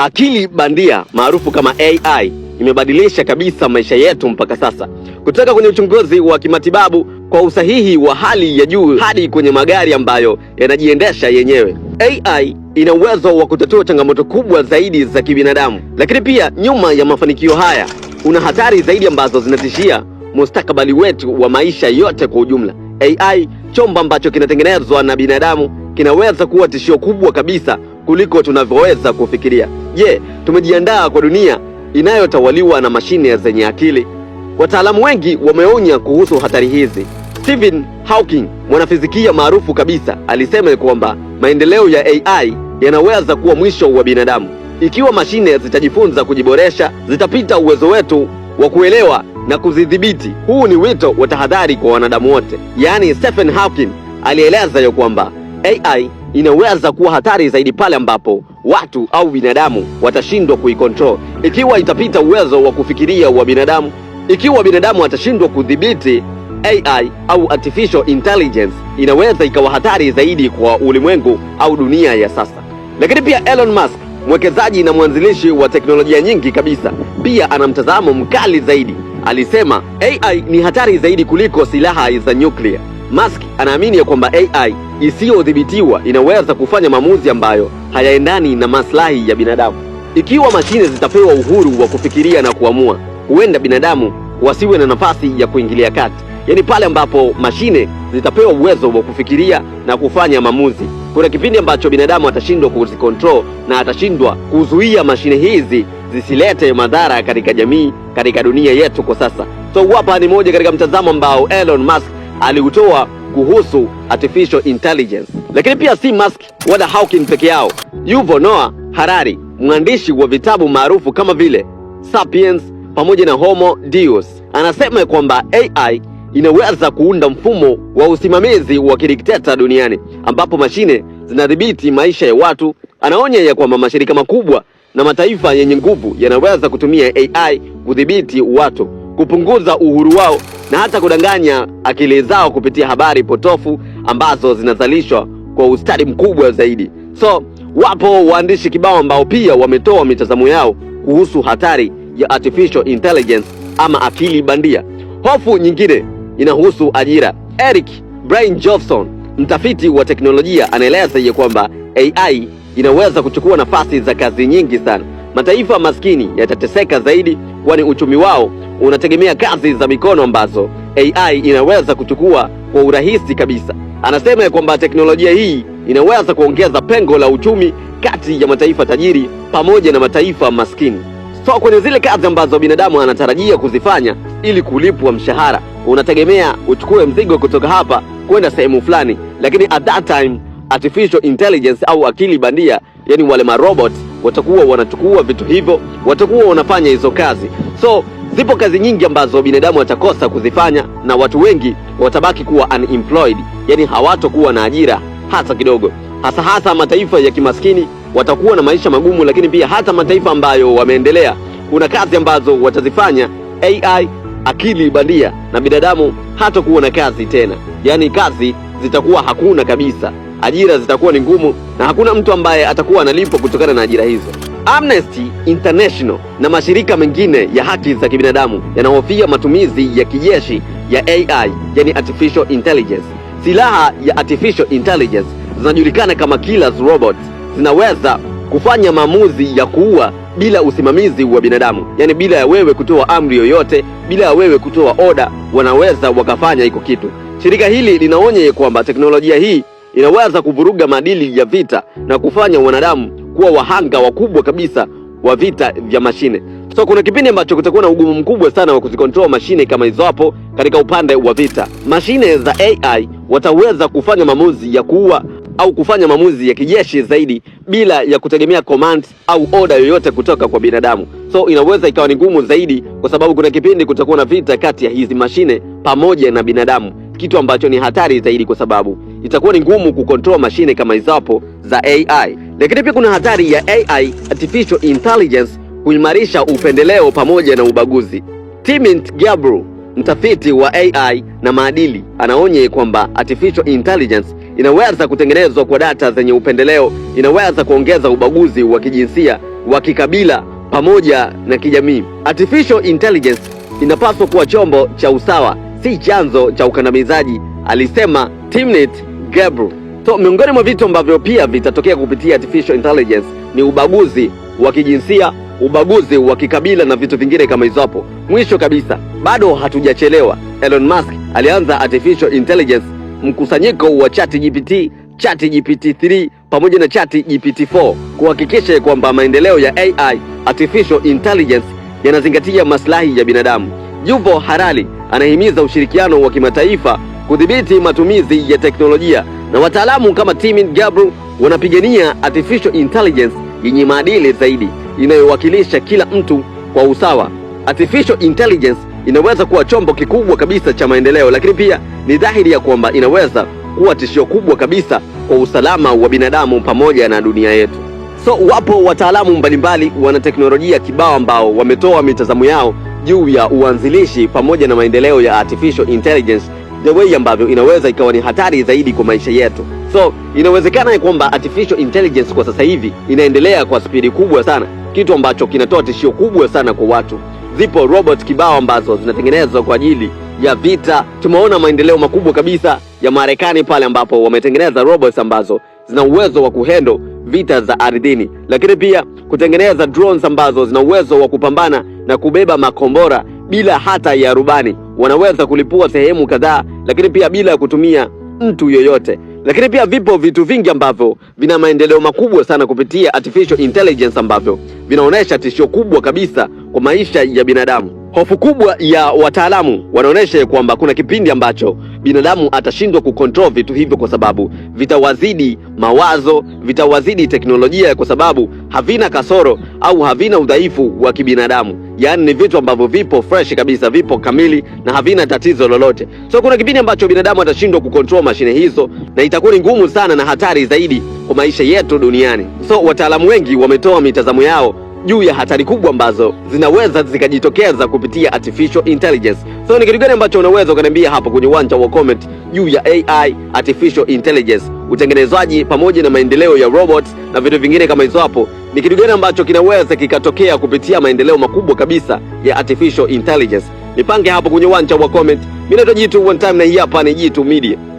Akili bandia maarufu kama AI imebadilisha kabisa maisha yetu mpaka sasa, kutoka kwenye uchunguzi wa kimatibabu kwa usahihi wa hali ya juu hadi kwenye magari ambayo yanajiendesha yenyewe. AI ina uwezo wa kutatua changamoto kubwa zaidi za kibinadamu, lakini pia nyuma ya mafanikio haya kuna hatari zaidi ambazo zinatishia mustakabali wetu wa maisha yote kwa ujumla. AI, chombo ambacho kinatengenezwa na binadamu, kinaweza kuwa tishio kubwa kabisa kuliko tunavyoweza kufikiria. Je, tumejiandaa kwa dunia inayotawaliwa na mashine zenye akili? Wataalamu wengi wameonya kuhusu hatari hizi. Stephen Hawking, mwanafizikia maarufu kabisa, alisema kwamba maendeleo ya AI yanaweza kuwa mwisho wa binadamu. Ikiwa mashine zitajifunza kujiboresha, zitapita uwezo wetu wa kuelewa na kuzidhibiti. Huu ni wito wa tahadhari kwa wanadamu wote. Yaani, Stephen Hawking alieleza ya kwamba AI inaweza kuwa hatari zaidi pale ambapo watu au binadamu watashindwa kuikontrol, ikiwa itapita uwezo wa kufikiria wa binadamu. Ikiwa binadamu atashindwa kudhibiti AI au artificial intelligence, inaweza ikawa hatari zaidi kwa ulimwengu au dunia ya sasa. Lakini pia Elon Musk, mwekezaji na mwanzilishi wa teknolojia nyingi kabisa, pia ana mtazamo mkali zaidi. Alisema AI ni hatari zaidi kuliko silaha za nyuklia. Musk anaamini ya kwamba AI isiyodhibitiwa inaweza kufanya maamuzi ambayo hayaendani na maslahi ya binadamu. Ikiwa mashine zitapewa uhuru wa kufikiria na kuamua, huenda binadamu wasiwe na nafasi ya kuingilia kati, yaani pale ambapo mashine zitapewa uwezo wa kufikiria na kufanya maamuzi, kuna kipindi ambacho binadamu atashindwa kuzikontrol na atashindwa kuzuia mashine hizi zisilete madhara katika jamii, katika dunia yetu kwa sasa. So hapa ni moja katika mtazamo ambao Elon Musk aliutoa kuhusu artificial intelligence. Lakini pia si Musk wala Hawking peke yao. Yuval Noah Harari, mwandishi wa vitabu maarufu kama vile Sapiens pamoja na Homo Deus, anasema kwamba AI inaweza kuunda mfumo wa usimamizi wa kidikteta duniani ambapo mashine zinadhibiti maisha ya watu. Anaonya ya kwamba mashirika makubwa na mataifa yenye nguvu yanaweza kutumia AI kudhibiti watu kupunguza uhuru wao na hata kudanganya akili zao kupitia habari potofu ambazo zinazalishwa kwa ustadi mkubwa zaidi. So wapo waandishi kibao ambao pia wametoa mitazamo yao kuhusu hatari ya artificial intelligence ama akili bandia. Hofu nyingine inahusu ajira. Eric Brian Johnson, mtafiti wa teknolojia, anaeleza ya kwamba AI inaweza kuchukua nafasi za kazi nyingi sana. Mataifa maskini yatateseka zaidi, kwani uchumi wao unategemea kazi za mikono ambazo AI inaweza kuchukua kwa urahisi kabisa. Anasema ya kwamba teknolojia hii inaweza kuongeza pengo la uchumi kati ya mataifa tajiri pamoja na mataifa maskini. So kwenye zile kazi ambazo binadamu anatarajia kuzifanya ili kulipwa mshahara, unategemea uchukue mzigo kutoka hapa kwenda sehemu fulani, lakini at that time artificial intelligence au akili bandia, yani wale marobot watakuwa wanachukua vitu hivyo, watakuwa wanafanya hizo kazi so Zipo kazi nyingi ambazo binadamu watakosa kuzifanya na watu wengi watabaki kuwa unemployed, yani hawatokuwa na ajira hata kidogo. Hasa hasa mataifa ya kimaskini watakuwa na maisha magumu, lakini pia hata mataifa ambayo wameendelea, kuna kazi ambazo watazifanya AI, akili bandia, na binadamu hatakuwa na kazi tena, yani kazi zitakuwa hakuna kabisa, ajira zitakuwa ni ngumu, na hakuna mtu ambaye atakuwa analipwa kutokana na ajira hizo. Amnesty International na mashirika mengine ya haki za kibinadamu yanahofia matumizi ya kijeshi ya AI, yani artificial intelligence. Silaha ya artificial intelligence zinajulikana kama killers robots, zinaweza kufanya maamuzi ya kuua bila usimamizi wa binadamu, yani bila ya wewe kutoa amri yoyote, bila ya wewe kutoa oda, wanaweza wakafanya hiko kitu. Shirika hili linaonya kwamba teknolojia hii inaweza kuvuruga maadili ya vita na kufanya wanadamu kuwa wahanga wakubwa kabisa wa vita vya mashine. So kuna kipindi ambacho kutakuwa na ugumu mkubwa sana wa kuzikontrol mashine kama hizo hapo katika upande wa vita. Mashine za AI wataweza kufanya maamuzi ya kuua au kufanya maamuzi ya kijeshi zaidi bila ya kutegemea command au order yoyote kutoka kwa binadamu. So inaweza ikawa ni ngumu zaidi, kwa sababu kuna kipindi kutakuwa na vita kati ya hizi mashine pamoja na binadamu, kitu ambacho ni hatari zaidi, kwa sababu itakuwa ni ngumu kukontrol mashine kama hizo hapo za AI. Lakini pia kuna hatari ya AI, artificial intelligence, kuimarisha upendeleo pamoja na ubaguzi. Timint Gabru, mtafiti wa AI na maadili, anaonye kwamba artificial intelligence inaweza kutengenezwa kwa data zenye upendeleo, inaweza kuongeza ubaguzi wa kijinsia, wa kikabila pamoja na kijamii. Artificial intelligence inapaswa kuwa chombo cha usawa, si chanzo cha ukandamizaji, alisema Timnit Gebru. So miongoni mwa vitu ambavyo pia vitatokea kupitia artificial intelligence ni ubaguzi wa kijinsia, ubaguzi wa kikabila na vitu vingine kama hizo hapo. Mwisho kabisa, bado hatujachelewa. Elon Musk alianza artificial intelligence, mkusanyiko wa ChatGPT, ChatGPT 3 pamoja na ChatGPT 4 kuhakikisha kwamba maendeleo ya AI, artificial intelligence, yanazingatia maslahi ya binadamu. Yuval Harari anahimiza ushirikiano wa kimataifa kudhibiti matumizi ya teknolojia na wataalamu kama Timin Gabru wanapigania artificial intelligence yenye maadili zaidi inayowakilisha kila mtu kwa usawa. Artificial intelligence inaweza kuwa chombo kikubwa kabisa cha maendeleo, lakini pia ni dhahiri ya kwamba inaweza kuwa tishio kubwa kabisa kwa usalama wa binadamu pamoja na dunia yetu. So wapo wataalamu mbalimbali wana teknolojia kibao ambao wametoa mitazamo yao juu ya uanzilishi pamoja na maendeleo ya artificial intelligence the way ambavyo inaweza ikawa ni hatari zaidi kwa maisha yetu. So inawezekana ya kwamba artificial intelligence kwa sasa hivi inaendelea kwa spidi kubwa sana, kitu ambacho kinatoa tishio kubwa sana kwa watu. Zipo robot kibao ambazo zinatengenezwa kwa ajili ya vita. Tumeona maendeleo makubwa kabisa ya Marekani pale ambapo wametengeneza robots ambazo zina uwezo wa kuhendo vita za ardhini, lakini pia kutengeneza drones ambazo zina uwezo wa kupambana na kubeba makombora bila hata ya rubani. Wanaweza kulipua sehemu kadhaa, lakini pia bila ya kutumia mtu yoyote. Lakini pia vipo vitu vingi ambavyo vina maendeleo makubwa sana kupitia artificial intelligence ambavyo vinaonyesha tishio kubwa kabisa kwa maisha ya binadamu. Hofu kubwa ya wataalamu wanaonyesha kwamba kuna kipindi ambacho binadamu atashindwa kukontrol vitu hivyo, kwa sababu vitawazidi mawazo, vitawazidi teknolojia, kwa sababu havina kasoro au havina udhaifu wa kibinadamu. Yaani ni vitu ambavyo vipo fresh kabisa, vipo kamili na havina tatizo lolote. So kuna kipindi ambacho binadamu atashindwa kukontrol mashine hizo, na itakuwa ni ngumu sana na hatari zaidi kwa maisha yetu duniani. So wataalamu wengi wametoa mitazamo yao juu ya hatari kubwa ambazo zinaweza zikajitokeza kupitia artificial intelligence. So ni kitu gani ambacho unaweza ukaniambia hapo kwenye uwanja wa comment juu ya AI, artificial intelligence, utengenezwaji pamoja na maendeleo ya robots na vitu vingine kama hizo hapo? Ni kitu gani ambacho kinaweza kikatokea kupitia maendeleo makubwa kabisa ya artificial intelligence? Nipange hapo kwenye uwanja wa comment. Mimi naitwa Jitu One Time na hii hapa ni Jitu Media.